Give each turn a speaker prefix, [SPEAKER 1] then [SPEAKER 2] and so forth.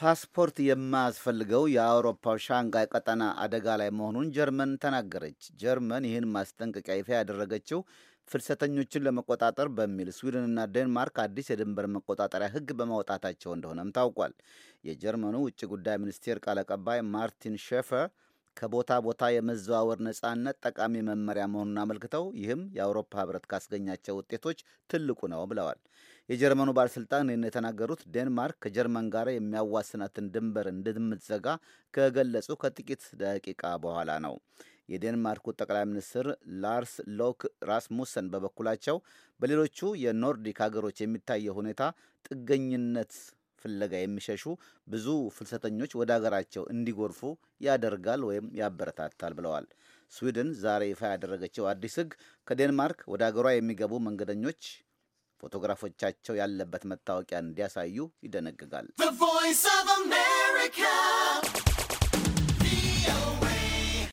[SPEAKER 1] ፓስፖርት የማያስፈልገው የአውሮፓው ሻንጋይ ቀጠና አደጋ ላይ መሆኑን ጀርመን ተናገረች። ጀርመን ይህን ማስጠንቀቂያ ይፋ ያደረገችው ፍልሰተኞችን ለመቆጣጠር በሚል ስዊድንና ዴንማርክ አዲስ የድንበር መቆጣጠሪያ ሕግ በማውጣታቸው እንደሆነም ታውቋል። የጀርመኑ ውጭ ጉዳይ ሚኒስቴር ቃል አቀባይ ማርቲን ሼፈር ከቦታ ቦታ የመዘዋወር ነጻነት ጠቃሚ መመሪያ መሆኑን አመልክተው ይህም የአውሮፓ ህብረት ካስገኛቸው ውጤቶች ትልቁ ነው ብለዋል። የጀርመኑ ባለሥልጣን ይህን የተናገሩት ዴንማርክ ከጀርመን ጋር የሚያዋስናትን ድንበር እንደምትዘጋ ከገለጹ ከጥቂት ደቂቃ በኋላ ነው። የዴንማርኩ ጠቅላይ ሚኒስትር ላርስ ሎክ ራስሙሰን በበኩላቸው በሌሎቹ የኖርዲክ ሀገሮች የሚታየው ሁኔታ ጥገኝነት ፍለጋ የሚሸሹ ብዙ ፍልሰተኞች ወደ አገራቸው እንዲጎርፉ ያደርጋል ወይም ያበረታታል ብለዋል። ስዊድን ዛሬ ይፋ ያደረገችው አዲስ ሕግ ከዴንማርክ ወደ አገሯ የሚገቡ መንገደኞች ፎቶግራፎቻቸው ያለበት መታወቂያ እንዲያሳዩ ይደነግጋል።